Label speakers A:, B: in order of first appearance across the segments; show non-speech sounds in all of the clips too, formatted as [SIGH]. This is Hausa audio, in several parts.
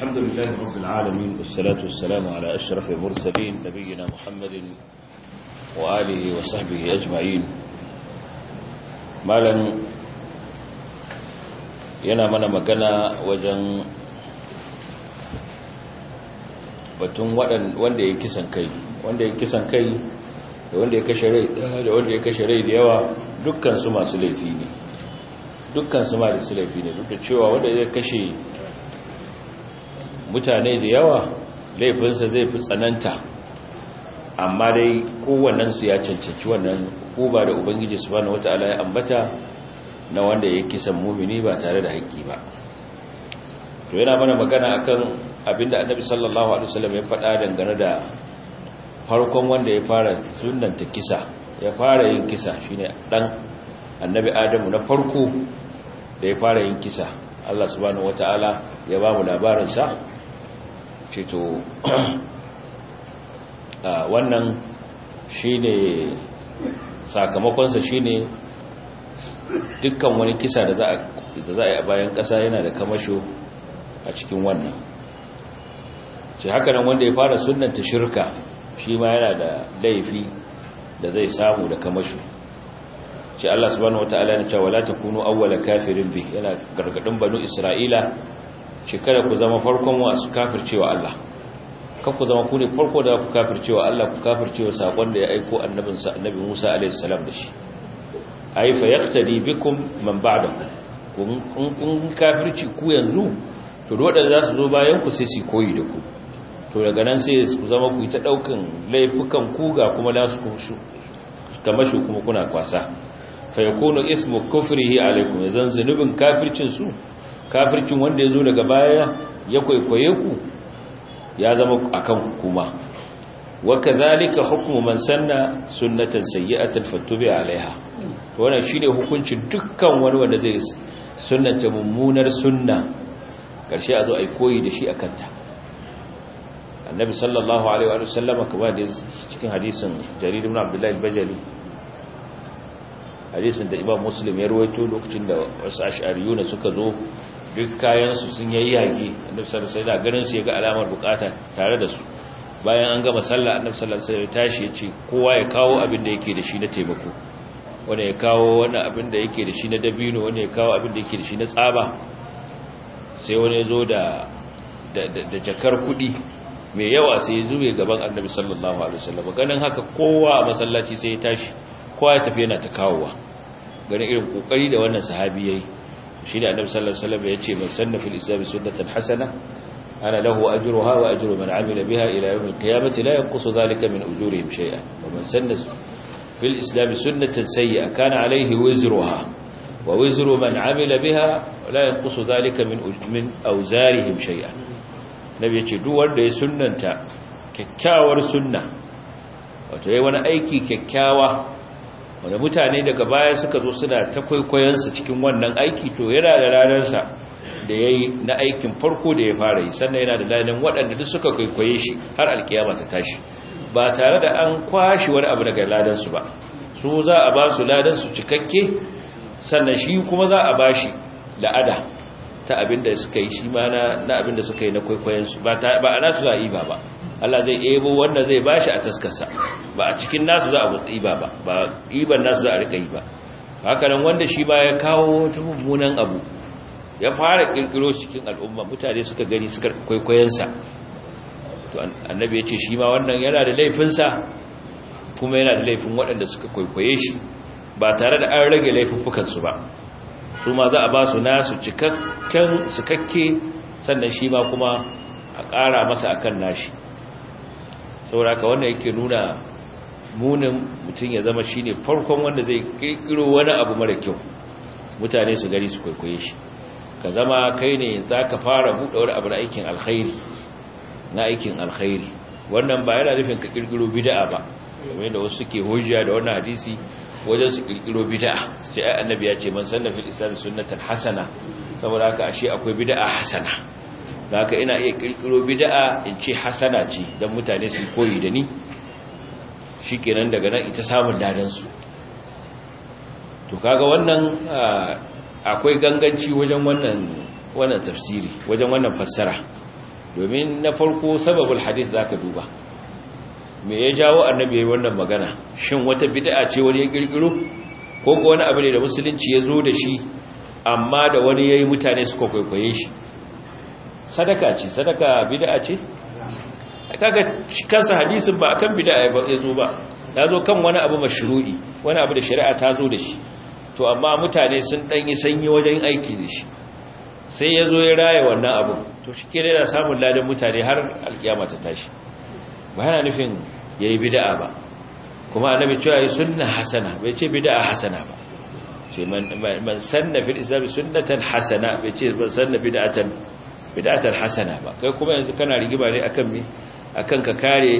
A: الحمد لله رب العالمين والصلاة والسلام على أشرف المرسلين نبينا محمد وآله وصحبه أجمعين yana mana magana wajen batun wanda ya kisan kai wanda ya kisan kai da wanda ya kashe rai da wanda ya kashe rai da yawa dukkan su masu laifi ne dukkan su masu laifi ne duk da cewa wanda ya kashe mutane da yawa laifinsa zai fi tsananta amma dai kowannensu ya cancanci wannan ba da ubangiji su subhanahu wataala ya ambata na wanda ya kisan mumini ba tare da haƙƙi ba to yana mana magana akan abinda annabi sallallahu alaihi wasallam ya faɗa dangane da farkon wanda ya fara sunnanta kisa ya fara yin kisa shine dan annabi adamu na farko da ya fara yin kisa Allah subhanahu wataala ya ba mu labarin sa ce to [CLEARS THROAT] ah, wannan shi ne sakamakonsa ne dukkan wani kisa da za a yi a bayan kasa yana da kamasho a cikin wannan ce haka nan wanda ya fara sunanta shirka shi ma yana da laifi da zai samu da kamasho ce Allah subhanahu wataala ya ce wala takunu awwala kafirin bi yana gargadin banu isra'ila ce kada ku zama farkon masu kafircewa Allah kan ku zama ku ne farko da ku kafircewa Allah ku kafircewa sakon da ya aiko annabinsa annabi Musa alaihi salam da shi ai fa yaqtadi bikum man ba'dahu kun kafirci ku yanzu to wadanda za su zo bayan ku sai su koyi da ku to daga nan sai ku zama ku ta daukan laifukan ku ga kuma lasu kamar shi kuma kuna kwasa fa yakunu ismu kufrihi alaikum yanzu zanubin kafircin su kafircin wanda ya zo daga baya ya kwaikwaye ku ya zama akan kuma waka zalika hukumu man sanna sunnatan sayyi'atan fatubi alaiha to wannan shine hukuncin dukkan wani wanda zai sunnata mummunar sunna karshe a zo ai koyi da shi akan ta annabi sallallahu alaihi wa sallama kuma da cikin hadisin jarir ibn abdullahi al-bajali hadisin da imam muslim ya rawaito lokacin da wasu ash'ariyuna suka zo duk kayansu sun yayi yaki annabi sallallahu alaihi wasallam garin su ya ga alamar bukata tare da su bayan an gama sallah annabi sallallahu alaihi wasallam tashi ya ce kowa ya kawo abin da yake da shi na taimako wanda ya kawo wani abin da yake da shi na dabino wanda ya kawo abin da yake da shi na tsaba sai wani ya zo da da jakar kuɗi mai yawa sai ya zube gaban annabi sallallahu alaihi wasallam ganin haka kowa a masallaci sai ya tashi kowa ya tafi yana ta kawowa ganin irin kokari da wannan sahabi yayi shi ne annabi sallallahu alaihi wasallam ya ce man sanna fil islam sunnatan hasana ana lahu ajruha wa ajru man amila biha ila yawm al-qiyamati la yanqusu dhalika min ujurihim shay'an wa man sanna fil islam sunnatan Sayya. kana alayhi wizruha wa wizru man amila biha la yanqusu dhalika min min awzarihim shay'an nabi ya ce duk wanda ya sunnanta kyakkyawar sunna wato yayi wani aiki kyakkyawa wanda mutane daga baya suka zo suna ta kwaikwayonsa cikin wannan aiki to yana da ranarsa da ya yi na aikin farko da ya fara yi sannan yana da ladan waɗanda duk suka kwaikwaye shi har alkiyama ta tashi ba tare da an kwashe wani abu daga ladansu ba su za a ba su ladansu cikakke sannan shi kuma za a ba shi la'ada ta abin da suka yi shi ma na abin da suka yi na kwaikwayensu ba a nasu ba ba Allah zai ebo wanda zai bashi a taskarsa ba a cikin nasu za a tsiba ba ba iban nasu za a rika yi ba haka nan wanda shi ba ya kawo wata mummunan abu ya fara kirkiro cikin al'umma mutane suka gani suka kwaikwayensa to annabi ya ce shi ma wannan yana da laifinsa kuma yana da laifin waɗanda suka kwaikwaye shi ba tare da an rage laifuffukansu ba su ma za a ba su nasu cikakken sukakke sannan shi ma kuma a ƙara masa akan nashi sauraka wannan yake nuna munin mutum ya zama shine farkon wanda zai kirkiro wani abu mara kyau mutane su gari su kwaikwaye shi ka zama kai ne za ka fara buɗe wani abu na aikin alkhairi na aikin alkhairi wannan ba yana nufin ka kirkiro bida'a ba kamar yadda wasu suke hojiya da wannan hadisi wajen su kirkiro bida'a sai annabi ya ce man sanna fil islam sunnatan hasana saboda haka ashe akwai bida'a hasana da haka ina iya kirkiro bid'a in ce hasana ce don mutane su koyi da ni shi kenan daga nan ita samun dadansu to kaga wannan akwai ganganci wajen wannan tafsiri wajen wannan fassara domin na farko sababul hadith zaka duba me ya jawo annabi yayin wannan magana shin wata bid'a ce wani ya kirkiro ko ko wani abu ne da musulunci ya zo da shi amma da wani yayi mutane suka kwaikwaye shi sadaka ce sadaka bid'a ce kaga kansa hadisin ba akan bid'a ya zo ba ya zo kan wani abu mashru'i wani abu da shari'a ta zo da shi to amma mutane sun dan yi sanyi wajen aiki da shi sai ya zo ya raye wannan abu to shi kire yana samun ladan mutane har alkiyama ta tashi ba yana nufin yayi bid'a ba kuma annabi cewa yi sunna hasana bai ce bid'a hasana ba ce man sanna fil islam sunnatan hasana bai ce man sanna bid'atan bid'atar hasana ba kai kuma yanzu kana rigima ne akan me akan ka kare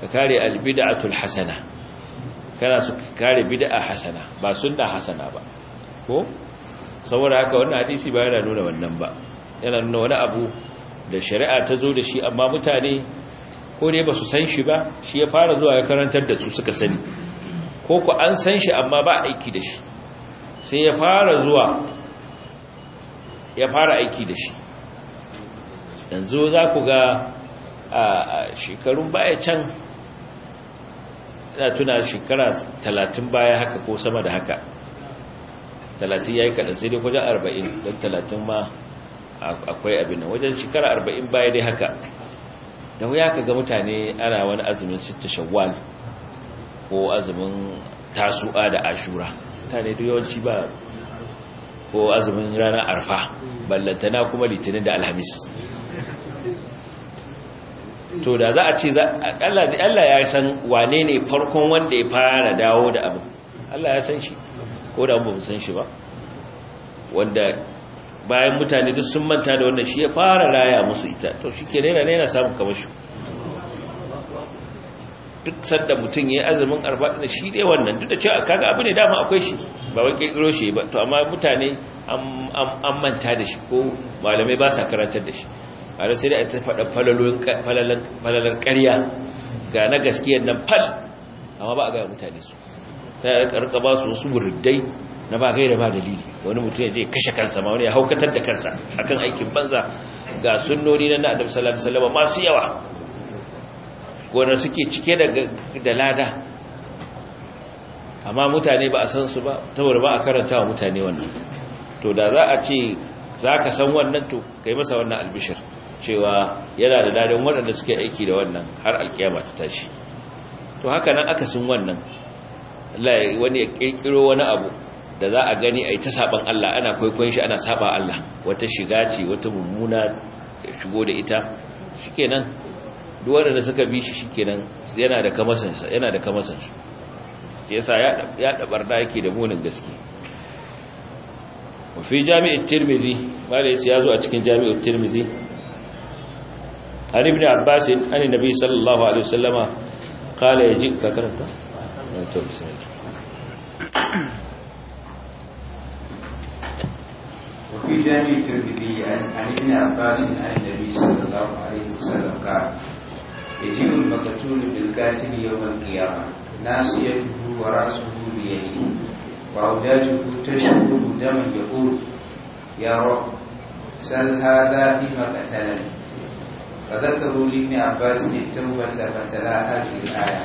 A: ka kare albid'atul hasana kana su kare bid'a hasana ba sunna hasana ba ko saboda haka wannan hadisi ba yana nuna wannan ba yana nuna wani abu da shari'a ta zo da shi amma mutane ko dai ba su san shi ba shi ya fara zuwa ya karantar da su suka sani ko ku an san shi amma ba aiki da shi sai ya fara zuwa ya fara aiki da shi yanzu za ku ga a shekarun baya can na tuna shekara talatin baya haka ko sama da haka talatin ya yi kaɗan sai dai wajen arba'in don talatin ma akwai abin nan wajen shekara arba'in baya dai haka da wuya ka ga mutane ana wani azumin sita shawwal ko azumin tasu'a da ashura mutane da yawanci ba ko azumin ranar arfa ballantana kuma litinin da alhamis to da za a ce Allah ya san wane ne farkon wanda ya fara dawo da abin Allah ya san shi ko da mu san shi ba wanda bayan mutane duk sun manta da wannan shi ya fara raya musu ita to shi ke nena nena samun kamar shi duk sanda mutum ya yi azumin arba'in da shi dai wannan duk da cewa kaga abu ne dama akwai shi ba wakil kirkiro shi ba to amma mutane an manta da shi ko malamai ba sa karantar da shi a da sai da ta faɗa falalar ƙarya ga na gaskiyar nan fal amma ba a gaya mutane su ta yi ƙarƙa ba su wasu wurdai na ba gaira ba dalili wani mutum ya je kashe kansa ma wani ya haukatar da kansa akan aikin banza ga sunnoni na adam sallallahu alaihi wasallam masu yawa wanda suke cike da lada amma mutane ba a san su ba saboda ba a karanta wa mutane wannan to da za a ce za ka san wannan to kai masa wannan albishir cewa yana da dadin waɗanda suke aiki da wannan har alkiyama ta tashi to haka nan akasin wannan Allah wani ya kirkiro wani abu da za a gani ai ta saban Allah ana kwaikwayon shi ana saba Allah wata shiga ce wata mummuna ya shigo da ita shikenan duk wanda suka bi shi shikenan yana da kamasansa yana da kamasansa yasa ya ya da yake da munin gaskiya وفي جامع الترمذي ما ya zo a cikin Jami'in tirmidhi an ibn abbas anin nabi sallallahu alaihi wasallama qala yaji ka karanta to bismillah
B: وفي جامع عن ابن عباس عن النبي صلى الله عليه وسلم قال يجيء المقتول بالقاتل يوم بيده يقول يا رب سل هذا قتلني فذكروا لابن عباس التوبة فتلاها في الآية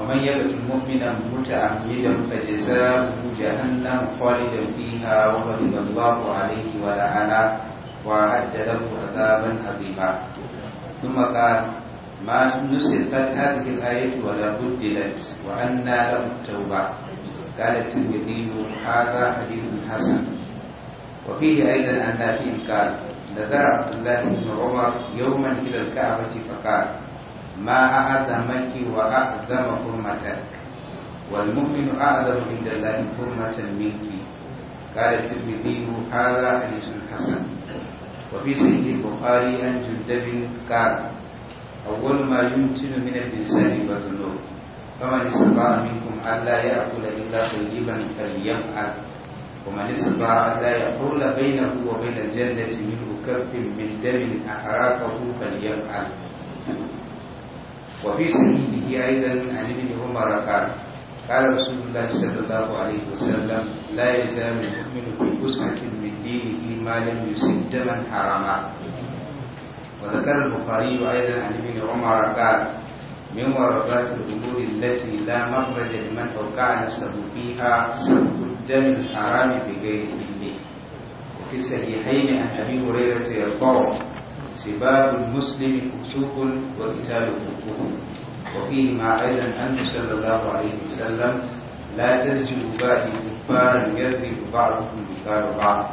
B: ومن يبت مؤمنا متعمدا فجزاؤه جهنم خالدا فيها وغضب الله عليه ولعنه وأعد له عذابا عظيما ثم قال ما نسخت هذه الآية ولا بدلت وأنى له التوبة قال الترمذي هذا حديث حسن وفيه أيضا أن نافع قال نظر عبد الله بن عمر يوما إلى الكعبة فقال ما أعظمك وأعظم حرمتك والمؤمن أعظم عند الله حرمة منك قال الترمذي هذا حديث حسن وفي صحيح البخاري عن جندب قال أول ما يمكن من الإنسان بطنه فمن استطاع منكم ألا يأكل إلا طيبا فليفعل ومن استطاع أن لا يحول بينه وبين الجنة منه كف من دم أحراقه فليفعل وفي سبيله أيضا عن ابن عمر قال قال رسول الله صلى الله عليه وسلم لا يزال المؤمن في فسحه من دينه ما لم يسد دما حراما وذكر البخاري أيضا عن ابن عمر قال من ورقات الأمور التي لا مخرج لمن أوقع نفسه فيها سبب دم الحرام بغير إذنه وفي صحيحين عن أبي هريرة يرفعه سباب المسلم فسوق وقتاله وفيه وفيهما أيضا أنه صلى الله عليه وسلم لا ترجعوا بعدي كفارا يضرب بعضكم كفار بعض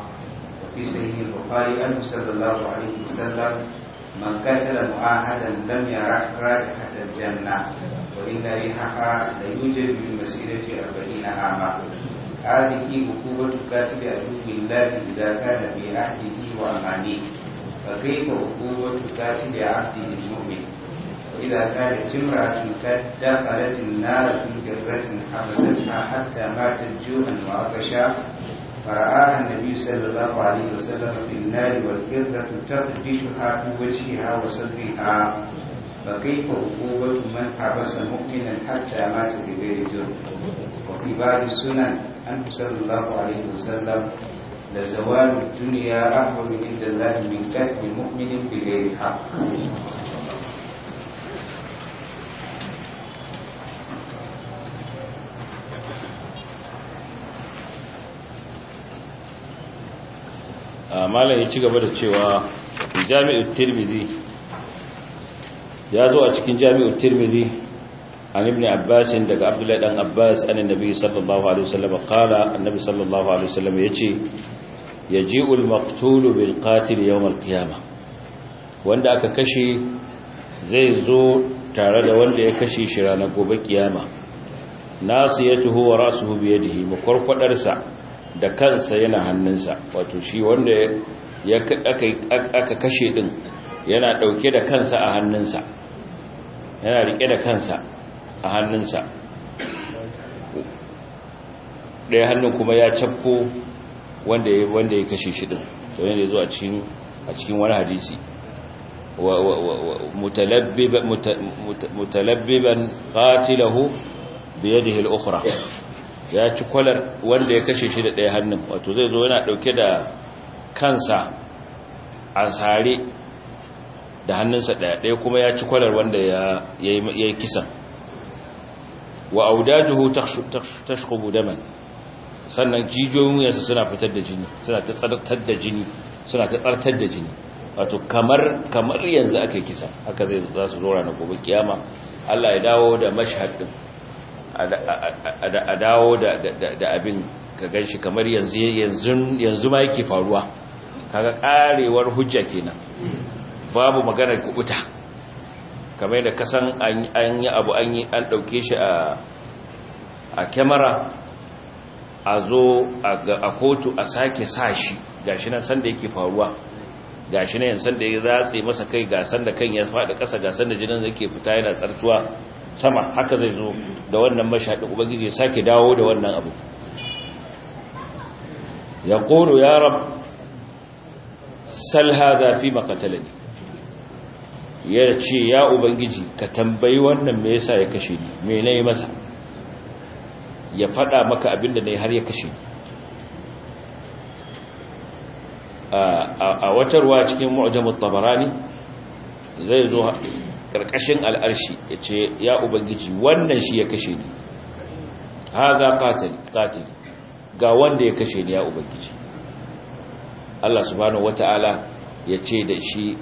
B: وفي صحيح البخاري أنه صلى الله عليه وسلم من قتل معاهدا لم يرح رائحة الجنة وإن ريحها ليوجد من المسيرة أربعين عاما hadiki hukumatu kasu da ajufi lafi da zaka da mai ahdiki wa amani a kai hukumatu kasu da ahdiki mummi a ila ta da cin rafi ta dafaratin na rafin gargajin hafasar a hatta matan juhan mawakasha fara'ahan na biyu sai da za a kwari da sai da rafi na riwa kirka tun tafi shi haku wace ha wasu fi ha ba kai ba hukumatu man harbasa mummina hatta mata da gari jirgin ba fi sunan عنه صلى الله عليه وسلم لزوال الدنيا أهون عند الله من كتم مؤمن بغير حق
A: malam ya ci gaba da cewa jami'ar tirmidhi ya zo a cikin jami'ar tirmidhi عن ابن عباس عند عبد الله بن عباس ان النبي صلى الله عليه وسلم قال النبي صلى الله عليه وسلم يجي يجيء المقتول بالقاتل يوم القيامه wanda aka kashe zai zo tare da wanda ya kashe shi ranar gobe kiyama nasiyatuhu wa rasuhu bi yadihi makwarkwadar sa da kansa yana hannunsa wato shi wanda aka kashe din yana dauke da kansa a hannunsa yana rike da kansa a hannunsa ɗaya hannun kuma ya cafko wanda ya yi kashe shi ɗin. to yana zuwa zo a cikin wani hadisi wa mutalabbiban mutalabbiban qatilahu bi yadihi al-ukhra ya ci kwalar wanda ya kashe shi da ɗaya hannun wato zai zo yana ɗauke da kansa a sare da hannunsa ɗaya ɗaya kuma ya ci kwalar wanda ya yi kisan wa audajuhu tashqubu daman sannan jijiyoyin yasa suna fitar da jini suna ta tsartar da jini suna ta tsartar da jini wato kamar kamar yanzu akai kisa haka zai za su zora na gobe kiyama Allah ya dawo da mashhad din a dawo da abin ka ganshi kamar yanzu yanzu ma yake faruwa kaga karewar hujja kenan babu maganar uta kamar da kasan an yi abu an yi an ɗauke shi a kyamara a zo a kotu a sake sa shi gashi nan sanda yake faruwa gashi nan sanda ya zatse masa kai gasan da kan ya faɗi ƙasa gasan da jinin yake fita yana tsartuwa sama haka zai zo da wannan mashaɗi ubangiji ya sake dawo da wannan abu ya ƙoro ya rab sal hada makatalani ya ce ya ubangiji ka tambayi wannan me yasa ya kashe ni me nayi masa ya fada maka abinda yi har ya kashe ni a watarwa cikin mu'jamut tabarani zai zo karkashin al'arshi ya ce ya ubangiji wannan shi ya kashe ni haza qatil ga wanda ya kashe ni ya ubangiji Allah subhanahu wata'ala ya ce da shi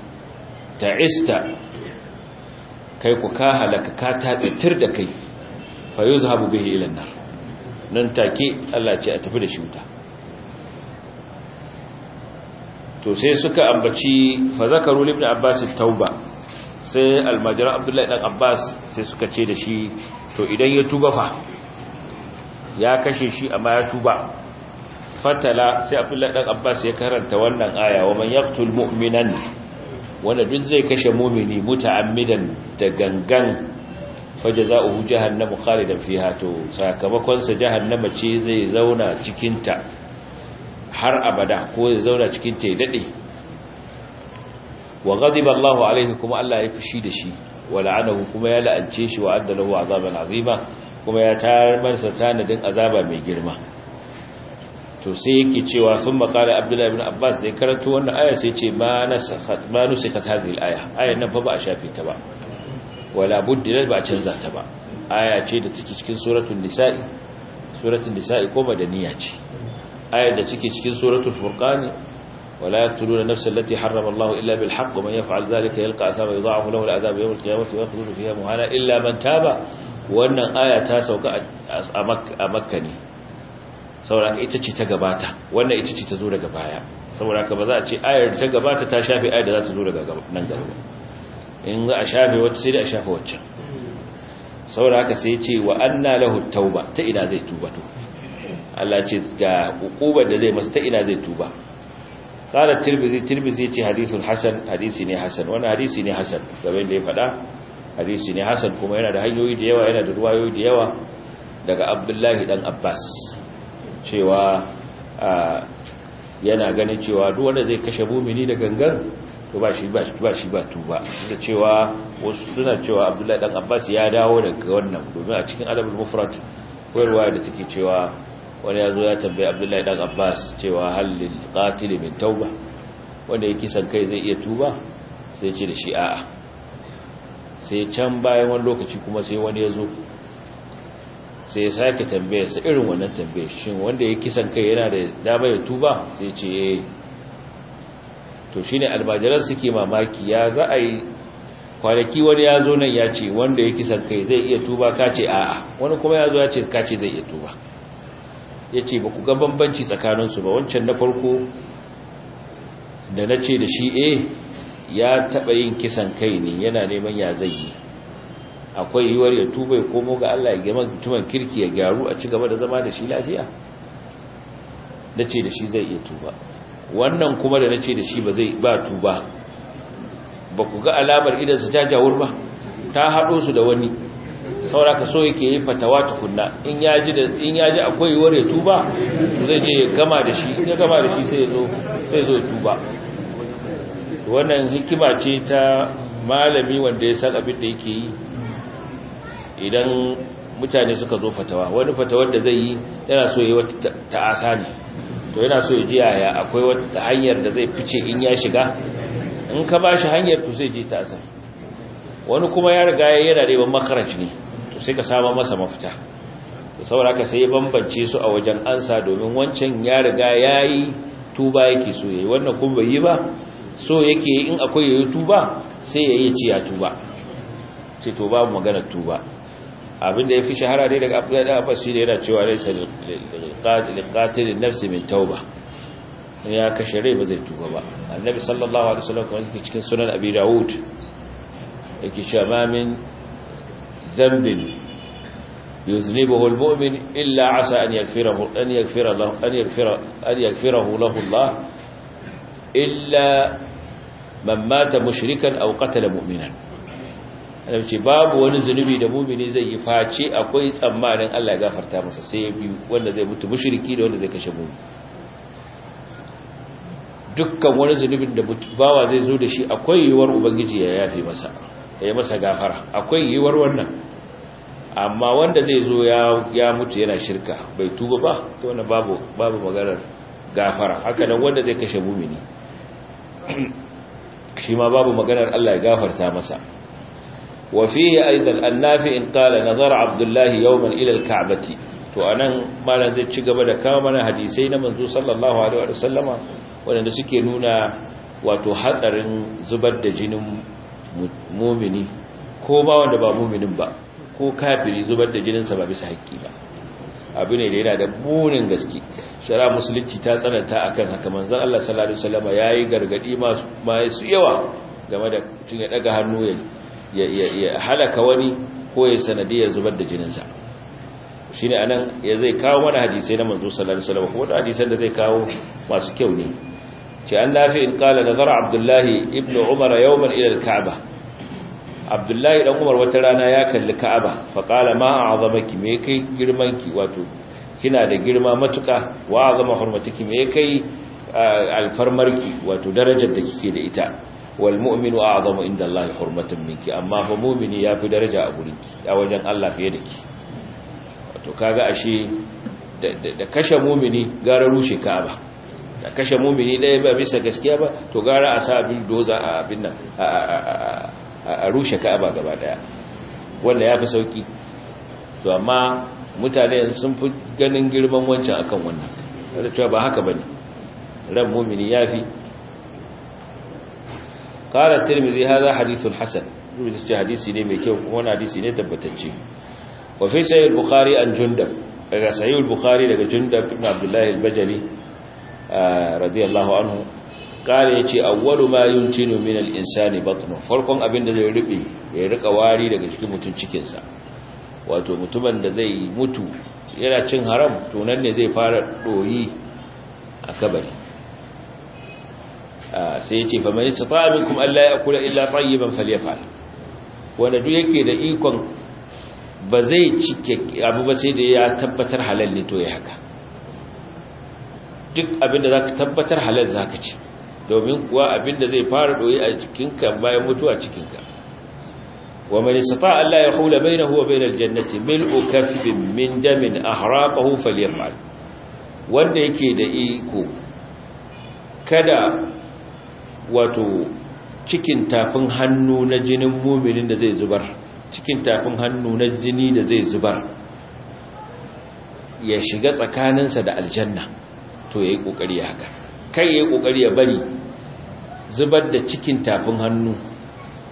A: Ta ista kai ku ka halaka ka taɓitar da kai fayo zahabu bihi ilan nar nan take Allah ce a tafi da shi wuta to sai suka ambaci fa zakaru ibn abbas tauba sai almajira abdullahi dan abbas sai suka ce da shi to idan ya tuba fa ya kashe shi amma ya tuba fatala sai abdullahi dan abbas ya karanta wannan aya wa man yaqtul mu'minan wanda duk zai kashe mumini muta'ammidan da gangan fajaza'uhu jahannamu khalidan fiha to sakamakon sa jahannama ce zai zauna cikin ta har abada ko zai zauna cikin ta dade wa ghadiba Allahu alaihi kuma Allah ya fushi da shi wa la'anahu kuma ya la'ance shi wa addalahu azaban azima kuma ya tarar masa tanadin azaba mai girma to sai yake cewa sun makara abdullahi ibn abbas da ya karanto wannan aya sai ce ma nusikat hadhihi al-aya ayan nan fa ba a shafe ta ba wala buddilat ba a canza ta ba aya ce da cikin suratun nisa'i Suratun nisa'i ko madaniya ce aya da take cikin suratul furqan ولا يقتلون نفسا التي حرم الله إلا بالحق ومن يفعل ذلك يلقى أثاما يضاعف له العذاب يوم wa ويخلد فيها مهانا إلا من تاب wannan aya ta sauka a makka ne saboda ita ce ta gabata wannan ita ce ta zo daga baya saboda ka ba za a ce ayar ta gabata ta shafe ayar da za ta zo daga nan gaba in za a shafe wata sai da a shafe waccan saboda haka sai ce wa anna lahu tauba ta ina zai tuba to Allah ce ga hukubar da zai masa ta ina zai tuba qala tirmizi tirmizi ce hadithul hasan hadisi ne hasan wannan hadisi ne hasan gaban da ya fada hadisi ne hasan kuma yana da hanyoyi da yawa yana da ruwayoyi da yawa daga Abdullahi dan Abbas cewa yana ganin cewa duk wanda zai kashe mumini da gangan to ba shi ba shi ba shi ba tuba da cewa wasu suna cewa Abdullahi dan Abbas ya dawo daga wannan domin a cikin Adabul Mufrad koyarwa da take cewa wani ya zo ya tambaye Abdullahi dan Abbas cewa hal lil qatil min tauba wanda yake san kai zai iya tuba sai ce da shi a'a sai can bayan wani lokaci kuma sai wani ya zo sai ya sake tambayarsa irin wannan tambayar shi wanda ya kisan kai yana da dama ya tuba sai ce yi eh. to shine almajiran suke mamaki ya za a yi kwanaki wani ya zo nan ya ce wanda ya kisan kai zai iya tuba ka ce a'a wani kuma ya zo ya ce ka ce zai iya tuba ya ce ba ku ga bambanci tsakaninsu ba wancan na farko da na ce da shi eh ya taɓa yin kisan kai ne yana neman ya zai yi akwai yiwuwar ya tuba ya komo ga Allah ya girma mutumin kirki ya gyaru a ci gaba da zama da shi lafiya nace da shi zai iya tuba wannan kuma da nace da shi ba zai ba tuba ba ku ga alamar idan su jajawur ba ta hado su da wani Saura ka so yake yi fatawa tukunna in ya da in akwai yiwuwar ya tuba zai je ya gama da shi ya gama da shi sai ya zo sai zo tuba wannan hikima ce ta malami wanda ya san abin da yake yi idan mutane suka zo fatawa wani fatawar da zai yi yana so yi wata ta'asa ne to yana so ya ji yaya akwai wata hanyar da zai fice in ya shiga in ka ba shi hanyar to zai ji ta'asar wani kuma ya riga yana da yawan makaranci ne to sai ka sama masa mafita to saboda haka sai ya bambance su a wajen ansa domin wancan ya riga ya yi tuba yake so yi wannan kuma bai yi ba so yake in akwai ya yi tuba sai ya yi ciya tuba sai to babu maganar tuba abinda ya fi shahara ne daga abdullahi da abbas shi ne yana cewa laisa liqatil nafsi min tauba ya kashe rai ba zai tuba ba annabi sallallahu alaihi wasallam kuma yake cikin sunan abi daud yake cewa ma min zambin yuznibuhu almu'min illa asa an yaghfirahu an yaghfira lahu an yaghfira an yaghfirahu lahu Allah illa man mata mushrikan aw qatala mu'minan ce babu wani zunubi da mumini zai yi face akwai tsammanin Allah ya gafarta masa sai ya biyu wanda zai mutu mushriki da wanda zai kashe mumi dukkan wani zunubin da bawa zai zo da shi akwai yiwuwar ubangiji ya yafe masa ya masa gafara akwai yiwuwar wannan amma wanda zai zo ya mutu yana shirka bai tuba ba to wannan babu babu maganar gafara haka nan wanda zai kashe mumini shi ma babu maganar Allah ya gafarta masa وفيه أيضا النافع قال نظر عبد الله يوما إلى الكعبة to anan malam zai ci gaba da kawo mana hadisai na manzo sallallahu alaihi wa sallama wanda suke nuna wato hatsarin zubar da jinin ko ba wanda ba ko kafiri zubar da jinin sa ba bisa hakki ba abu ne da yana da bunin gaske shari'a musulunci ta tsananta akan haka manzon Allah sallallahu alaihi wa yayi gargadi masu yawa game da cinye ya daga hannu yayi ya halaka wani ko ya sanadiyar zubar da jininsa shi ne anan ya zai kawo mana hadisai na manzo sallallahu alaihi wasallam wanda hadisan da zai kawo masu kyau ne ce an nafi in qala nazara abdullahi ibn umar yawman ila al-ka'ba abdullahi dan umar wata rana ya kalli ka'aba fa qala ma a'zamaki me kai girman ki wato kina da girma matuka wa azama hurmatiki me kai alfarmarki wato darajar da kike da ita wal mu'minu a'zamu inda Allah hurmatan minki amma fa mu'mini yafi daraja a gurinki a wajen Allah fiye da ki wato kaga ashe da kashe mu'mini gara rushe Ka'aba da kashe mu'mini dai ba bisa gaskiya ba to gara a sa abin doza a abin nan a rushe Ka'aba gaba daya wanda yafi sauki to amma mutane sun fi ganin girman wancan akan wannan da cewa ba haka bane ran mu'mini yafi qala tirmidhi hadha hadithun hasan tirmidhi hadisi ne mai kyau kuma hadisi ne tabbatacce wa fi sahih al-bukhari an jundab daga sahih al-bukhari daga jundab ibn abdullah al-bajali radiyallahu anhu kare ya ce awwalu ma yuntinu min al-insani batnu farkon abin da zai rube ya rika wari daga cikin mutun cikin wato mutumin da zai mutu yana cin haram tunan ne zai fara doyi a kabari Ah, sai yace fa man istata'a minkum alla ya'kula illa tayyiban falyafal wanda duk yake da ikon ba zai cike abu ba sai da ya tabbatar halal ne to ya haka duk abinda zaka tabbatar halal zaka ci domin kuwa abinda zai fara doyi a cikinka bayan mutuwa cikinka wa man istata'a alla yahula bainahu wa bainal jannati mil'u kaffin min damin ahraqahu falyafal wanda yake da iko kada wato cikin tafin hannu na jinin muminin da zai zubar cikin tafin hannu na jini da zai zubar ya shiga tsakaninsa da aljanna to ya yi ƙoƙari ya haka kai ya yi ƙoƙari ya bari zubar da cikin tafin hannu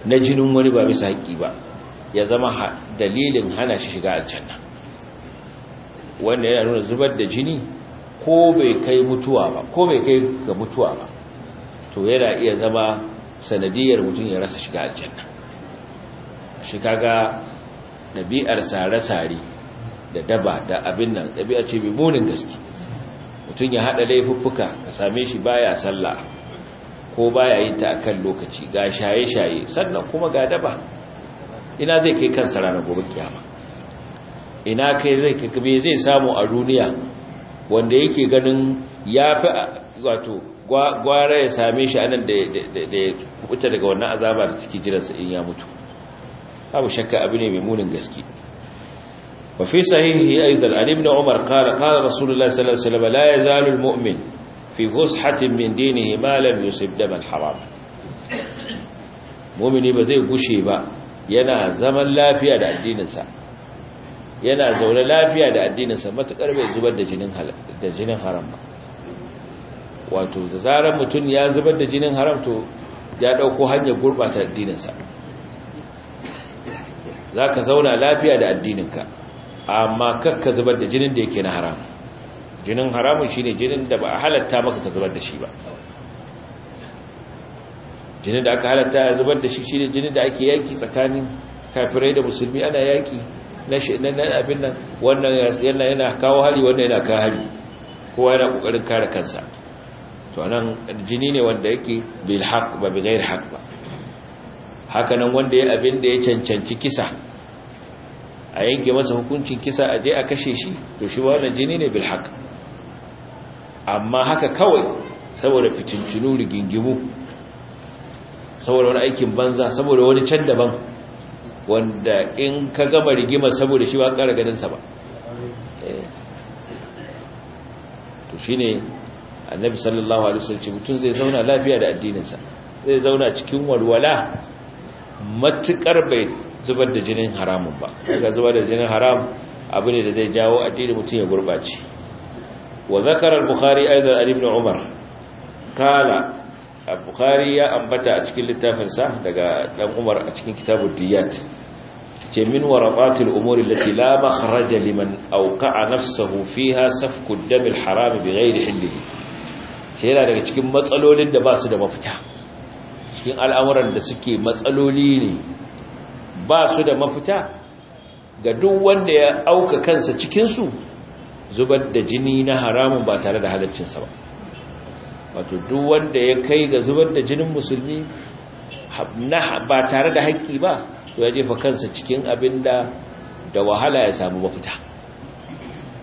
A: na jinin wani ba bisa haƙi ba ya zama dalilin hana shi shiga aljanna wanda yana nuna zubar da jini ko bai kai mutuwa ba ko bai kai ga mutuwa ba to yana iya zama sanadiyar mutum ya rasa shiga aljanna shi kaga Dabi'ar sare-sare da daba da abin nan dabi'a ce mai munin gaske mutum ya haɗa laifuffuka ka same shi baya sallah ko baya yin ta akan lokaci ga shaye-shaye sannan kuma ga daba ina zai kai kansa ranar gobe kiyama ina kai zai kai zai samu a duniya wanda yake ganin ya fi wato gwara ya same shi anan da ya wuce daga wannan azaba da ciki jiransa in ya mutu abu shakka abu ne mai munin gaske wa fi sahihi aizal an ibn umar qala qala rasulullahi sallallahu alaihi wasallam la yazalu almu'min min dinihi ma lam yusib dam alharam mu'mini ba zai gushe ba yana zaman lafiya da addininsa yana zaure lafiya da addininsa matakar bai zubar da jinin halal haram wato da zarar mutum ya zubar da jinin haram to ya ɗauko hanyar gurɓata addininsa za ka zauna lafiya da addininka amma kakka zubar da jinin da yake na haram jinin haramun shine jinin da ba a halatta maka ka zubar da shi ba jinin da aka halatta ya zubar da shi shine jinin da ake yaki tsakanin kafirai da musulmi ana yaki na abin nan wannan yana kawo hali wannan yana kawo hali kowa yana kokarin kare kansa to anan jini ne wanda yake bil haqq ba bi ghairi haqq ba haka nan wanda ya abin da ya cancanci kisa a yanke masa hukuncin kisa a je a kashe shi to shi wannan jini ne bil haqq amma haka kawai saboda fitincinu rigingimu saboda wani aikin banza saboda wani can daban wanda in ka gama rigima saboda shi ba ƙara ganinsa ba eh. to shi annabi sallallahu alaihi wasallam ce mutum zai zauna lafiya da addininsa zai zauna cikin walwala matukar bai zubar da jinin haramun ba daga zubar da jinin haram abu ne da zai jawo addinin mutum ya gurbace wa zakara al-bukhari aidan ali ibn umar kala bukhari ya ambata a cikin littafinsa daga dan umar a cikin kitabud diyat ce min waraqatil umuri allati la makhraja liman awqa'a nafsahu fiha safku ad-dam al-haram bighayri hillihi sai yana daga cikin matsalolin da ba su da mafita cikin al'amuran da suke matsaloli ne ba su da mafita ga duk wanda ya auka kansa cikinsu zubar da jini na haramun ba tare da halaccinsa ba wato duk wanda ya kai ga zubar da jinin musulmi ba tare da haƙƙi ba to ya jefa kansa cikin abin da da wahala ya samu mafita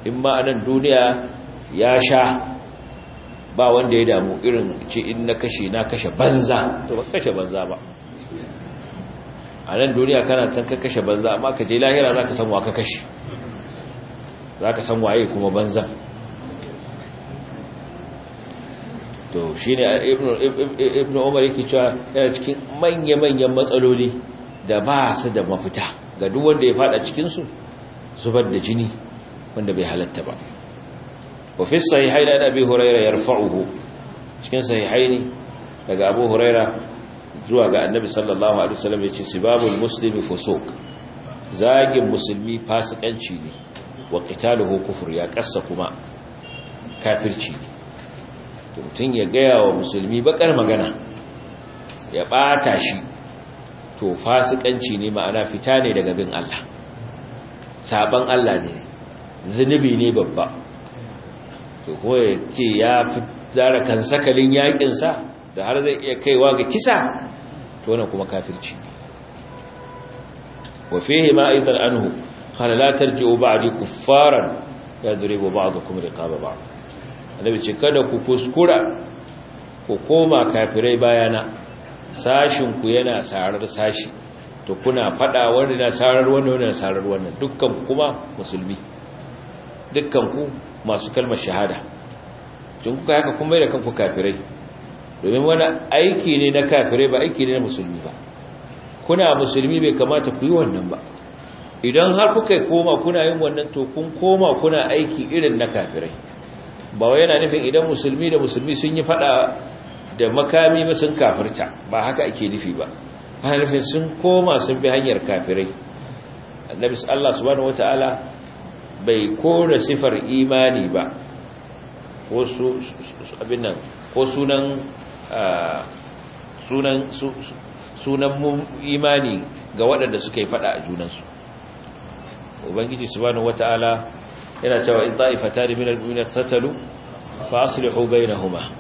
A: in ma'anan duniya ya sha ba wanda ya damu irin ce in na kashe na kashe banza to ba kashe banza ba a nan duniya kana san ka kashe banza amma ka je lahira za ka san wa ka kashe za ka san waye kuma banza to shi ne ibn umar yake cewa yana cikin manya-manyan matsaloli da ba su da mafita ga duk wanda ya fada cikinsu zubar da jini wanda bai halatta ba wa fi sahihaini an abi huraira yarfa'uhu cikin sahihaini daga abu huraira zuwa ga annabi sallallahu alaihi wasallam yace sibabul muslimi fusuq zagin musulmi fasikanci ne wa qitaluhu kufur ya kassa kuma kafirci ne to mutun ya gaya wa musulmi bakar magana ya bata shi to fasikanci ne ma'ana fita ne daga bin Allah saban Allah ne zunubi ne babba to ko ya ce ya fi zara kan sakalin yaƙinsa da har zai iya kaiwa ga kisa to wannan kuma kafirci ne wa fihi ma aidan anhu qala la tarji'u ba'di kuffaran kuma ka riqaba ba? annabi ce kada ku kuskura ku koma kafirai bayana sashinku yana sarar sashi to kuna fada wani na sarar wani wani na sarar wannan dukkan kuma musulmi dukkan ku masu kalmar shahada tun kuka haka kuma da kanku kafirai domin wani aiki ne na kafirai ba aiki ne na musulmi ba kuna musulmi bai kamata ku yi wannan ba idan har kuka koma kuna yin wannan to kun koma kuna aiki irin na kafirai ba wai yana nufin idan musulmi da musulmi sun yi fada da makami ba sun kafirta ba haka ake nufi ba ana nufin sun koma sun bi hanyar kafirai annabi Allah wa ta'ala. bai kora sifar imani ba ko su abin nan ko sunan sunan sunan imani ga waɗanda suka yi faɗa a junansu ubangiji subhanahu wata'ala yana cewa in min al mu'minina tatalu fa aslihu bainahuma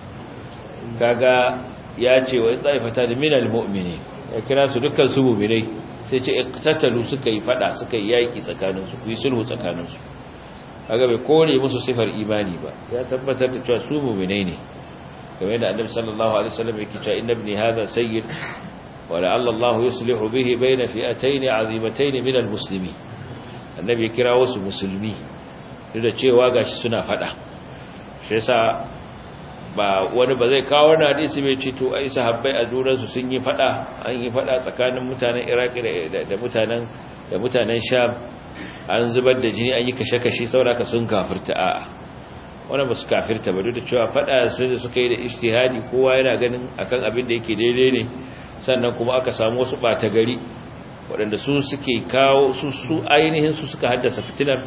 A: kaga ya ce wa in min al mu'minin ya kira su dukkan su mu'minai sai ce iqtatalu suka yi faɗa suka yi yaki tsakaninsu ku yi sulhu tsakaninsu aga bai kore musu sifar imani ba ya tabbatar da cewa su mu'minai ne kamar da annabi sallallahu alaihi wasallam yake cewa inna ibni hadha sayyid wa la'alla Allah yuslihu bihi bayna fi'atayn 'azimatayn min al-muslimin annabi kira wasu musulmi da cewa gashi suna fada shi yasa ba wani ba zai kawo wani hadisi mai ce to ai sahabbai a junansu sun yi fada an yi fada tsakanin mutanen iraki da mutanen da mutanen sham an zubar da jini an yi kashe-kashe sauraka sun kafirta a wannan ba su kafirta ba duk da cewa fada sun da suka yi da ijtihadi kowa yana ganin akan abin da yake daidai ne sannan kuma aka samu wasu bata gari waɗanda su suke kawo su su ainihin su suka haddasa fitinar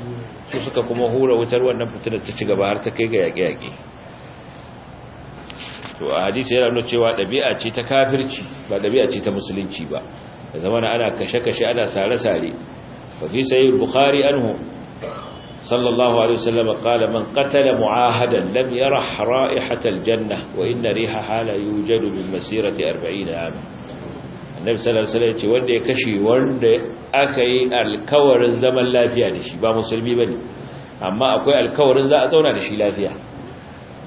A: su suka kuma hura wutar wannan fitinar ta ci gaba har ta kai ga yaƙe-yaƙe to a hadisi yana nuna cewa ɗabi'a ce ta kafirci ba ɗabi'a ce ta musulunci ba da zamana ana kashe-kashe ana sare-sare وفي سيد البخاري أنه صلى الله عليه وسلم قال من قتل معاهدا لم يرح رائحة الجنة وإن ريحها لا يوجد من مسيرة أربعين عاما النبي صلى الله عليه وسلم wanda ya kashe wanda akayi yi zaman lafiya da shi ba musulmi ba ne amma akwai alkawarin za a zauna da shi lafiya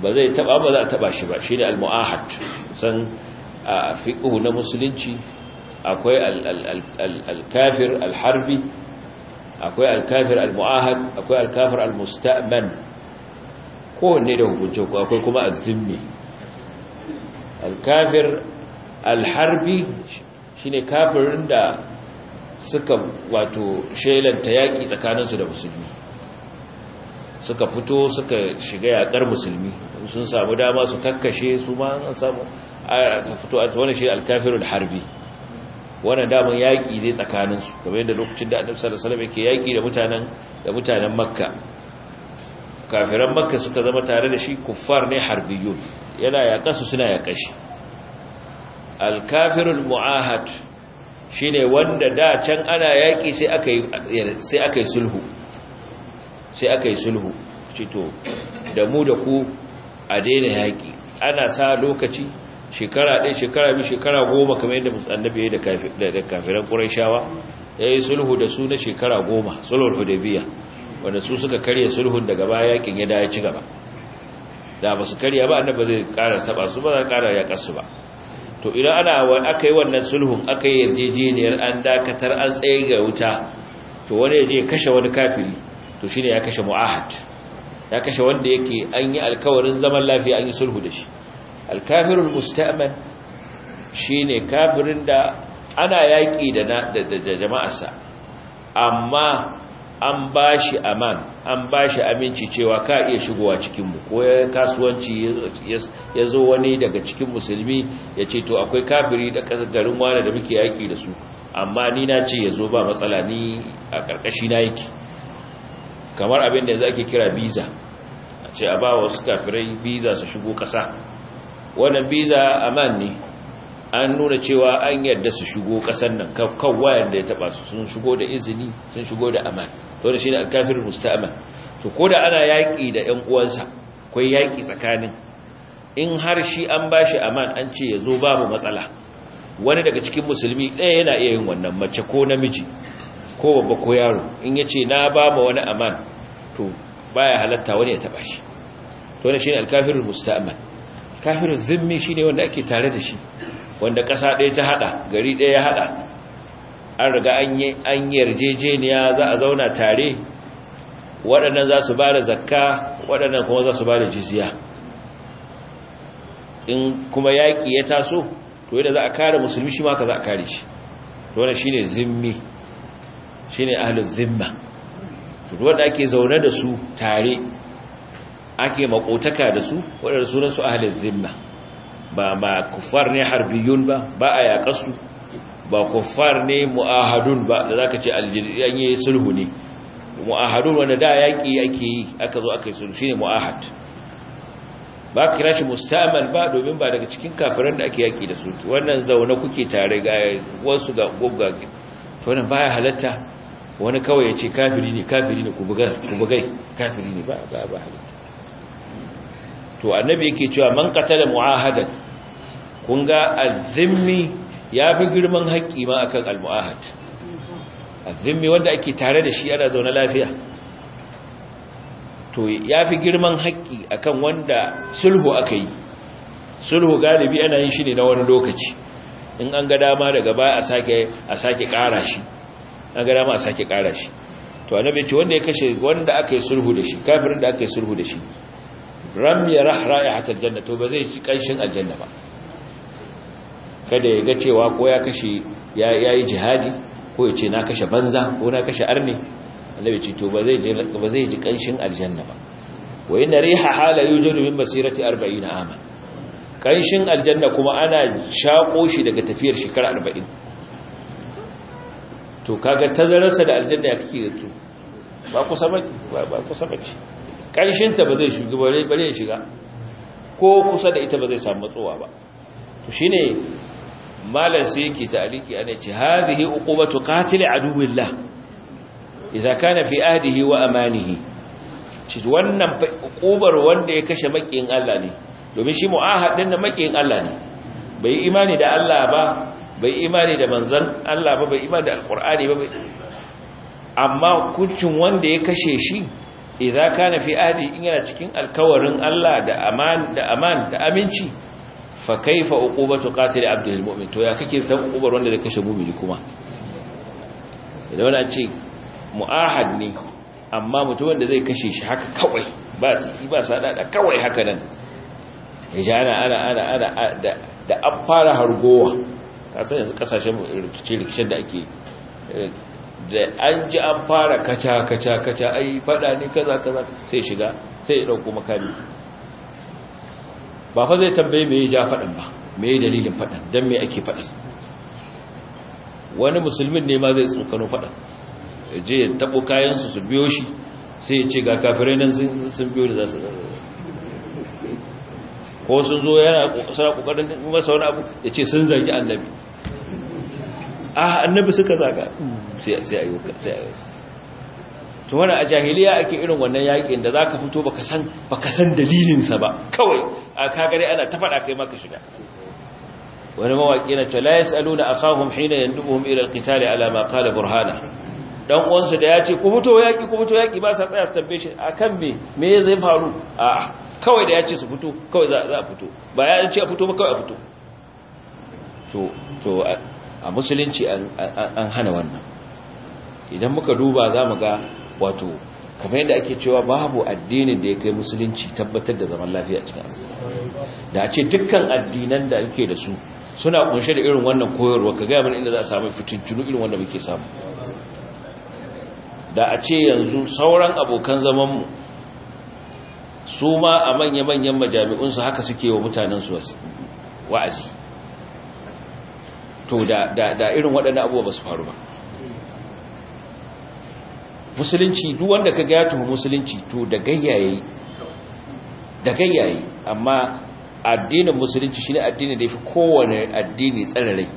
A: ba zai taba ba za a taba shi ba shi ne almu'ahad san a fiƙo na musulunci akwai alkafir alharbi akwai alkafir almu'ahad akwai alkafir almusta'man kowanne da hukunci ku akwai kuma azzimmi alkafir alharbi shine kafirin da suka wato shelanta yaki tsakaninsu da musulmi suka fito suka shiga yakar musulmi sun samu dama su kakkashe su ma an samu a fito a wani shi alkafirul harbi wannan daman yaƙi ne tsakaninsu kamar yadda lokacin da annabi sallallahu alaihi wasallam yake yaƙi da mutanen da mutanen makka kafiran makka suka zama tare da shi kuffar ne harbiyu yana yaƙasu suna yaƙa shi alkafirul mu'ahad shine wanda da can ana yaƙi sai aka sai aka yi sulhu sai aka yi sulhu cito da mu da ku a daina yaƙi ana sa lokaci shekara ɗaya shekara biyu shekara goma kamar yadda annabi ya yi da kafiran shawa ya yi sulhu da su na shekara goma sulhul hudabiya wanda su suka karya sulhun daga baya yakin ya daya ci gaba da ba su karya ba annabi zai ƙara taɓa su ba za ƙara yaƙar su ba to idan ana aka yi wannan sulhun aka yi yarjejeniyar an dakatar an tsaye ga wuta to wani ya je kashe wani kafiri to shine ya kashe mu'ahad ya kashe wanda yake an yi alkawarin zaman lafiya an yi sulhu da shi alkafirul musta'man shine kafirin da ana yaki da da jama'arsa amma an bashi aman an bashi aminci cewa ka iya shigowa cikin mu ko kasuwanci ya zo wani daga cikin musulmi ya ce to akwai kafiri da garin wani da muke yaki da su amma ni na ce ya zo ba matsala ni a ƙarƙashi na yake kamar abin da za ke kira biza a ce a ba wasu kafirai biza su shigo ƙasa wannan biza aman ne an nuna cewa an yarda su shigo kasar nan kan wayar da ya taba su sun shigo da izini sun shigo da aman to da ne alkafirul musta'man to koda ana yaki da ƴan uwansa akwai yaki tsakanin in har shi an bashi aman an ce yazo babu matsala wani daga cikin musulmi ɗaya yana iya yin wannan mace ko namiji ko babba ko yaro in yace na ba mu wani aman to baya halatta wani ya taba shi to ne alkafirul musta'man kafirin zimmi shine wanda ake tare da shi wanda ƙasa ɗaya ta haɗa gari ɗaya ya haɗa an riga an yarjejeniya za a zauna tare waɗannan za su ba da zakka waɗannan kuma za su ba da jizya in kuma yaƙi ya taso to yadda za a kare musulmi shi maka za a kare shi to wannan shine zimmi shine ahlul zimma to wanda ake zaune da su tare ake makotaka da su waɗanda sunan su ahalin zimma ba ma kufar ne harbiyun ba ba a yaƙasu ba kufar ne mu'ahadun ba da za ka ce aljiriyan yi sulhu ne mu'ahadun wanda da yaƙi ake yi aka zo aka yi sulhu ne mu'ahad ba ka kira shi mustamal ba domin ba daga cikin kafiran da ake yaƙi da su wannan zaune kuke tare ga wasu ga gugga to wani baya halatta wani kawai ya ce kafiri ne kafiri ne ku bugai kafiri ne ba ba halatta to annabi yake cewa man qatala muahadan kun ga azimmi ya fi girman haƙƙi ma akan almuahad azimmi wanda ake tare da shi ana zaune lafiya to ya fi girman haƙƙi akan wanda sulhu aka yi sulhu galibi ana yin shi ne na wani lokaci in an ga dama daga baya a sake a sake ƙara shi an ga dama a sake ƙara shi to annabi ce wanda ya kashe wanda aka yi sulhu da shi kafirin da aka yi sulhu da shi ram ya rahra'i hatar janna to ba zai ci kanshin aljanna ba kada ya ga cewa ko ya kashe ya yi jihadi ko ya ce na kashe banza ko na kashe arni annabi ce to ba zai ji ba zai ji kanshin aljanna ba wa inna riha hala yujadu min basirati 40 ama kanshin aljanna kuma ana shako shi daga tafiyar shekara 40 to kaga sa da aljanna ya kike da to ba ku sabaki ba kusa ba ce ƙarshinta ba zai shiga ba ya shiga ko kusa da ita ba zai samu matsowa ba to shi ne, malam sai yake ta'aliki ana ce a uqubatu qatil Iza ka na fi adihi wa amanihi ci wannan ƙubar wanda ya kashe makiyin Allah ne domin shi mu'ahadin din da makiyin Allah ne bai imani da Allah ba bai imani da manzan Allah ba bai imani da Alƙur'ani ba amma kuncin wanda ya kashe shi idza kana fi ahdi in yana cikin alkawarin Allah da aman da aman da aminci fa kaifa uqubatu qatil abdul mu'min to ya kake ta uqubar wanda da kashe mu'mini kuma idan wani ce mu'ahad ne amma mutumin da zai kashe shi haka kawai ba yi ba sadada kawai haka nan ya ana ana ana da da an fara hargowa ka san yanzu kasashen rikice-rikicen da ake da an ji an fara kaca kaca kaca ai fada ne kaza kaza sai shiga sai ya dauko makami ba fa zai tambaye me ya ja fadan ba me ya dalilin fadan dan me ake fadi wani musulmin ne ma zai tsokano fadan je ya tabo kayan su su biyo shi sai ya ce ga kafirai nan sun biyo da za su ko sun zo yana suna kokarin masa wani abu ya ce sun zargi annabi a ah, annabi suka zaga sai sai ayyuka sai ayo to wannan a jahiliya ake irin wannan yakin da zaka fito baka san baka san dalilin sa ba kawai a kaga ana ta fada kai maka shiga wani mawaki na ta la yasaluna akahum hina yandubuhum ila alqitali ala ma qala burhana dan uwansu da ya ce ku fito yaki ku fito yaki ba sa tsaya su tambaye shi akan me me zai faru a kawai da ya ce su fito kawai za a fito ba ya ce a fito ba kawai a fito to to a musulunci an hana wannan idan muka duba za mu ga wato kamar yadda ake cewa babu addinin da ya kai musulunci tabbatar da zaman lafiya cikin da a ce dukkan addinan da ake da su suna kunshe da irin wannan koyarwa ka gaya mana inda za a samu fitintunu irin wanda muke samu da a ce yanzu sauran abokan zamanmu su ma a manya-manyan majami'unsu haka suke wa mutanen su wa'azi to da irin waɗannan abubuwa ba su faru ba musulunci duk wanda ka gaya tuhu musulunci to da gayyaye da gayyaye amma addinin musulunci shine addini da yafi kowane addini tsare rai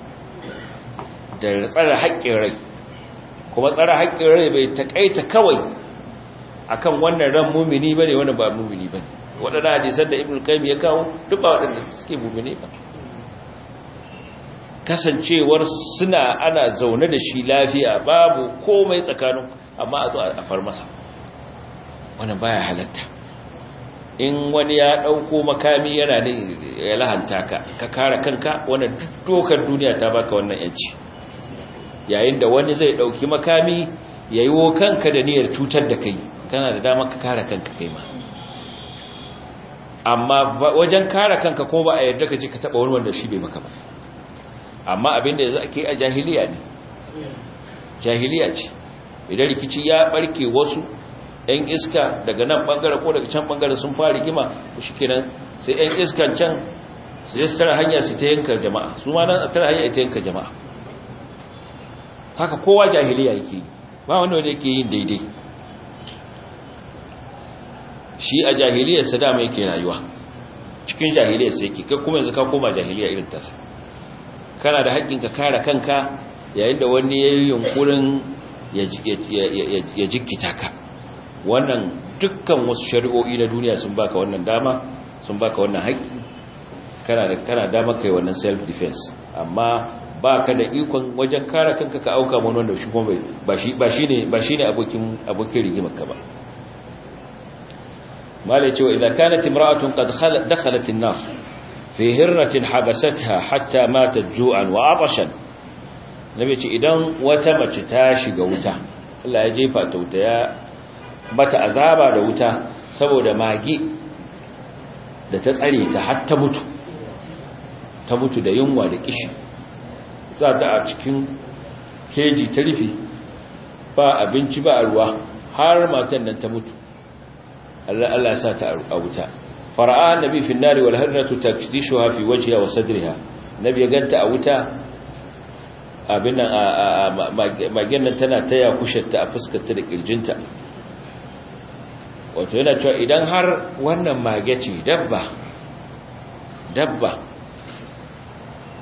A: da tsare haƙƙin rai kuma tsare haƙƙin rai bai takaita kawai akan wannan ran mumini bane wannan ba mumini bane waɗannan hadisan da ibnu kaymi ya kawo duk ba wadanda suke mumini ba kasancewar suna ana zaune da shi lafiya babu komai tsakanin amma a zo a far masa wannan baya halatta in wani ya dauko makami yana ne ya lahanta ka ka kare kanka wannan dokar duniya ta baka wannan yanci yayin da wani zai dauki makami yayi wo kanka da niyyar cutar da kai kana da dama ka kare kanka kai ma amma wajen kare kanka ko ba a yarda ka je ka taba wani wanda shi bai maka ba amma abinda yanzu ake a jahiliya ne jahiliya ce idan rikici ya barke wasu ‘yan iska daga nan ɓangare ko daga can ɓangare sun fara rigima ku shi kenan sai ‘yan iskan can su yi tara hanya su ta yanka jama'a su ma nan tara hanya ta yanka jama'a haka kowa jahiliya yake yi ba wanda wanda yake yin daidai shi a jahiliyarsa dama yake rayuwa cikin jahiliyarsa yake kai kuma yanzu ka koma jahiliya irin tasa kana da haƙƙin ka kare kanka yayin da wani ya yi yunkurin ya jikita ka wannan dukkan wasu shari'o'i na duniya sun baka wannan dama sun baka wannan haƙƙi kana da kana dama kai wannan self defense amma ba ka da ikon wajen kare kanka ka auka mun wanda shi kuma ba shi ne ba shi ne abokin abokin ka ba mala cewa idan idza kanat imra'atun qad dakhalat an-nar fi hirnatin habasatha hatta mata ju'an wa atashan nabi ce idan wata mace ta shiga wuta Allah ya jefa ta wuta ya bata azaba da wuta saboda magi da ta tsare ta har mutu ta mutu da yunwa da kishi za ta a cikin keji ta rufe ba abinci ba ruwa har matan nan ta mutu Allah Allah sa ta a wuta fara'a nabi fi nari nar wal harratu takdishuha fi wajhiha wa sadriha nabi ya ganta a wuta abin nan magen nan tana taya kushinta a fuskarta da kirjinta wato yana cewa idan har wannan mage ce dabba dabba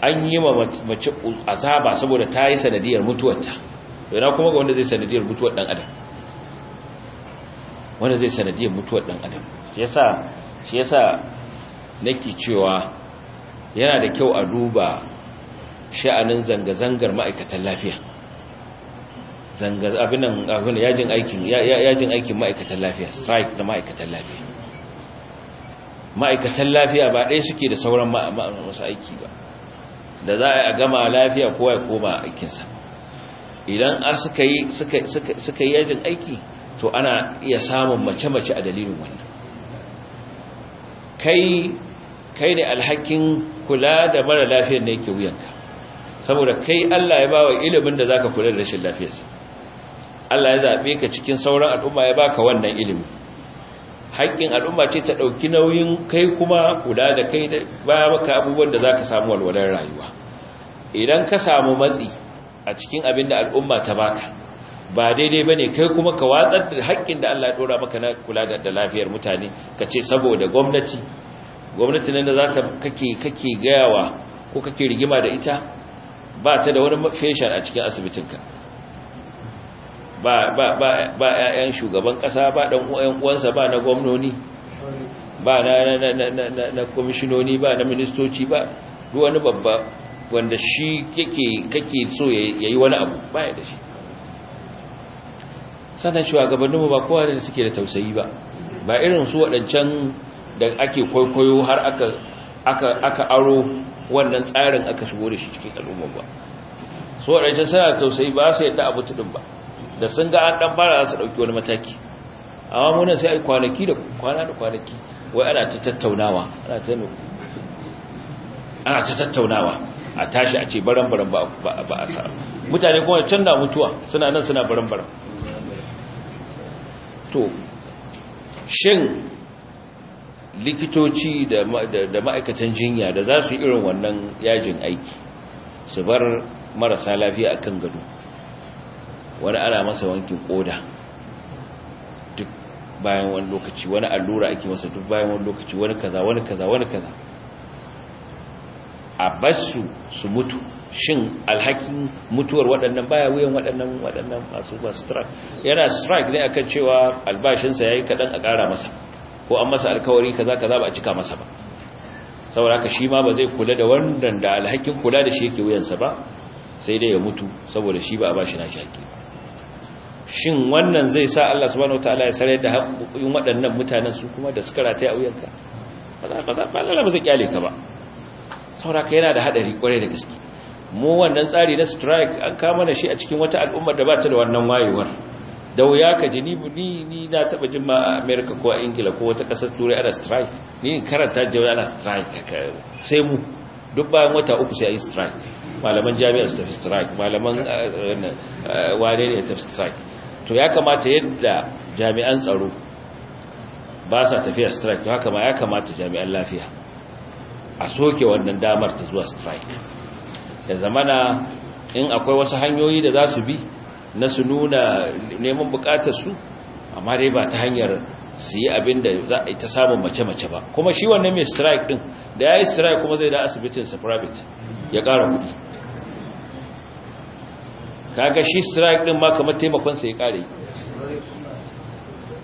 A: an yi wa mace azaba saboda ta yi sanadiyar mutuwarta yana kuma ga wanda zai sanadiyar mutuwar dan adam wanda zai sanadiyar mutuwar dan adam yasa shi yasa nake cewa yana da kyau a duba sha'anin zanga-zangar ma'aikatan lafiya abinan yajin aikin yajin aikin ma'aikatan lafiya strike da ma'aikatan lafiya ma'aikatan lafiya ba ɗaya suke da sauran masu aiki ba da za a gama lafiya kowa ya koma aikinsa idan suka yi yajin aiki to ana iya samun mace-mace a dalilin wani kai kai ne alhakin kula da mara lafiyar da yake wuyanka saboda kai Allah ya bawa ilimin da zaka kula da rashin lafiyarsa Allah ya zabe ka cikin sauran al'umma ya baka wannan ilimi haƙƙin al'umma ce ta dauki nauyin kai kuma kula da kai da ba maka abubuwan da zaka samu walwalar rayuwa idan ka samu matsi a cikin abin da al'umma ta baka ba daidai ba ne kai kuma ka watsar da haƙƙin da Allah ya dora maka na kula da lafiyar mutane ka ce saboda gwamnati gwamnati nan da za ta kake kake gayawa ko kake rigima da ita ba ta da wani fashion a cikin asibitinka ba ba ba ƴaƴan shugaban ƙasa ba dan uwansa ba na gwamnoni ba na na komishinoni ba na ministoci ba duk wani babba wanda shi kake kake so yayi wani abu ba ya da shi sannan shugabanninmu ba kowa ne suke da tausayi ba ba irin su waɗancan da ake kwaikwayo har aka aka aka aro wannan tsarin aka shigo da shi cikin al'umma ba su waɗancan suna da tausayi ba su yadda abu tudun ba da sun ga an ɗan fara za su ɗauki wani mataki amma munan sai a yi kwanaki da kwana da kwanaki wai ana ta tattaunawa ana ta ana ta tattaunawa a tashi a ce baran-baran ba a sa mutane kuma can na mutuwa suna nan suna baran-baran to shin likitoci da ma'aikatan jinya da za su irin wannan yajin aiki su bar marasa lafiya a kan gado wani ana masa wankin koda duk bayan wani lokaci wani allura ake masa duk bayan wani lokaci wani kaza wani kaza wani kaza a basu su mutu shin alhakin mutuwar waɗannan baya wuyan waɗannan waɗannan masu ba strike yana strike ne akan cewa albashinsa ya yi kaɗan a ƙara masa ko an masa alkawari kaza kaza ba a cika masa ba saboda haka shi ma ba zai kula da wannan da alhakin kula da shi yake wuyansa ba sai dai ya mutu saboda shi ba a bashi nashi haƙƙi shin wannan zai sa Allah subhanahu wataala ya sarar da haƙƙoƙin waɗannan mutanen su kuma da suka rataye a wuyanka ba za ka ba zai kyale ka ba sauraka yana da hadari kwarai da gaske mu wannan tsari na strike an kama na shi a cikin wata al'ummar da ba ta da wannan wayewar da wuya ka ji ni ni na taba jin ma a America ko a Ingila ko wata kasar Turai ana strike ni karanta jawo ana strike sai mu duk bayan wata uku sai ayi strike malaman jami'ar su tafi strike malaman eh, eh, eh, wane ne tafi strike to ya kamata yadda jami'an tsaro ba sa tafiya strike to haka ma ya kamata jami'an lafiya a soke wannan damar ta zuwa strike da zamana in akwai wasu hanyoyi da za su bi na su nuna neman bukatar su amma dai ba ta hanyar su yi abin da za a yi ta samun mace-mace ba kuma shi wannan mai strike din da ya yi strike kuma zai da asibitinsa private ya ƙara kuɗi kaga shi strike din ma kamar taimakonsa ya ƙara yi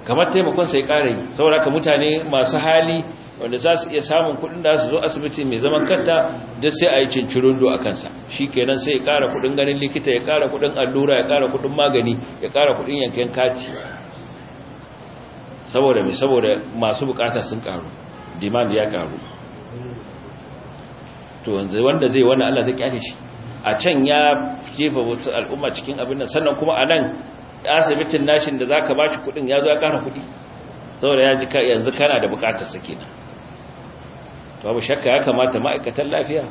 A: kamar taimakonsa ya ƙara saboda ka mutane masu hali wanda za su iya samun kudin da su zo asibiti mai zaman kanta duk sai a yi cincirundo a kansa shi kenan sai ya kara kudin ganin likita ya kara kudin allura ya kara kudin magani ya kara kudin yankin kati saboda mai saboda masu bukata sun karu demand ya karu to wanda zai wani Allah zai kyale shi a can ya jefa wata al'umma cikin abin nan sannan kuma a nan asibitin nashin da zaka bashi kudin ya zo ya kara kudi saboda ya ji yanzu kana da bukatar sakina babu shakka ya kamata ma'aikatan lafiya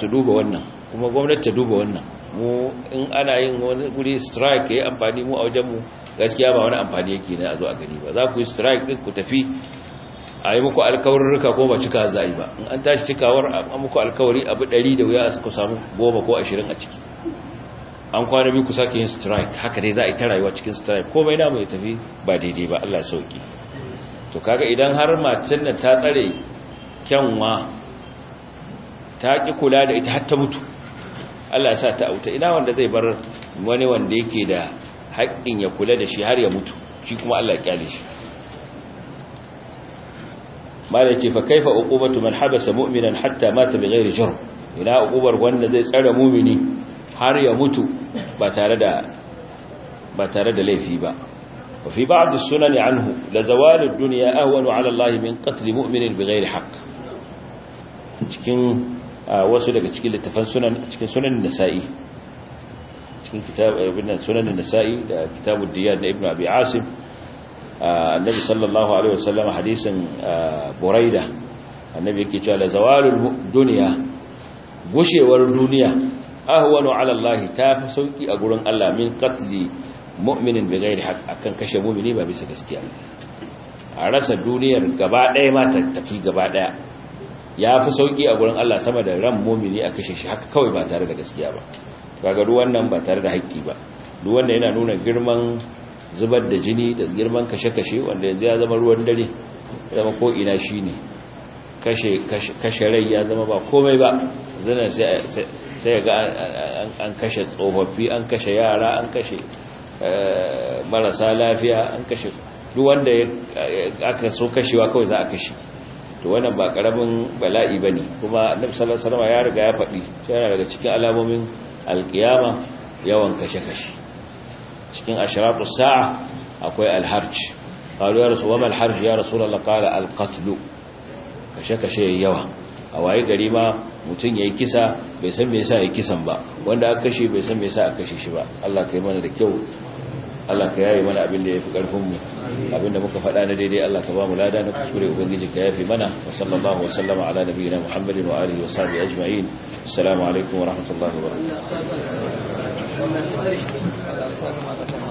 A: su duba wannan kuma gwamnati ta duba wannan mu in ana yin wani guri strike ya yi amfani mu a wajenmu gaskiya ba wani amfani yake na a zo a gani ba za ku yi strike din ku tafi a yi muku rika ko ba cika za a yi ba in an tashi cikawar a muku alkawari abu ɗari da wuya ku samu goma ko ashirin a ciki an kwana biyu ku sake yin strike haka dai za a yi ta rayuwa cikin strike ko mai namu ya tafi ba daidai ba allah sauki to kaga idan har macen nan ta tsare kyanwa ta ƙi kula da ita har ta mutu Allah ya sa ta auta ina wanda zai bar wani wanda yake da haƙƙin ya kula da shi har ya mutu shi kuma Allah ya kyale shi malai ce fa kaifa uqubatu man habasa mu'minan hatta mata bighairi jurm ina uqubar wanda zai tsare mu'mini har ya mutu ba tare da ba tare da laifi ba وفي بعض السنن عنه لزوال الدنيا أهون Allah min من قتل مؤمن بغير حق cikin wasu daga cikin littafan sunan cikin sunan nasa'i cikin kitab eh, sunan nasa'i da kitabud diyar na ibnu abi asim annabi sallallahu alaihi wasallam hadisin buraida annabi yake cewa la zawalul dunya gushewar duniya ahwanu ala Allah ta fi sauki a gurin Allah min qatli mu'minin bi ghairi haqq akan kashe mu'mini ba bisa gaskiya a rasa duniyar gaba daya ma ta tafi gaba ɗaya ya fi sauki a gurin Allah sama da ran mumini a kashe shi haka kawai ba tare da gaskiya ba kaga ruwan nan ba tare da haƙƙi ba duk wanda yana nuna girman zubar da jini da girman kashe-kashe wanda yanzu ya zama ruwan dare zama ko ina shi kashe kashe rai ya zama ba komai ba zana sai sai ga an kashe tsofaffi an kashe yara an kashe eh, marasa lafiya an kashe duk aka so kashewa kawai za a kashe to wannan ba karamin bala'i bane kuma annabi sallallahu alaihi wasallam ya riga ya faɗi yana daga cikin alamomin alqiyama yawan kashe-kashe cikin ashratus sa'a akwai alharj qalu ya rasul wama alharj ya rasulullah qala alqatl kashe-kashe yawa a waye gari ma mutum yayi kisa bai san me yasa yayi kisan ba wanda aka kashe bai san me yasa aka kashe shi ba Allah kai mana da kyau Allah ka yaye mana abin da yafi karfin mu abin da muka faɗa na daidai Allah ka ba mu lada na kuskure ubangiji ka yafe mana wa sallallahu wa sallama ala nabiyina muhammadin wa alihi wa sahbihi ajma'in assalamu alaikum wa rahmatullahi wa
B: barakatuh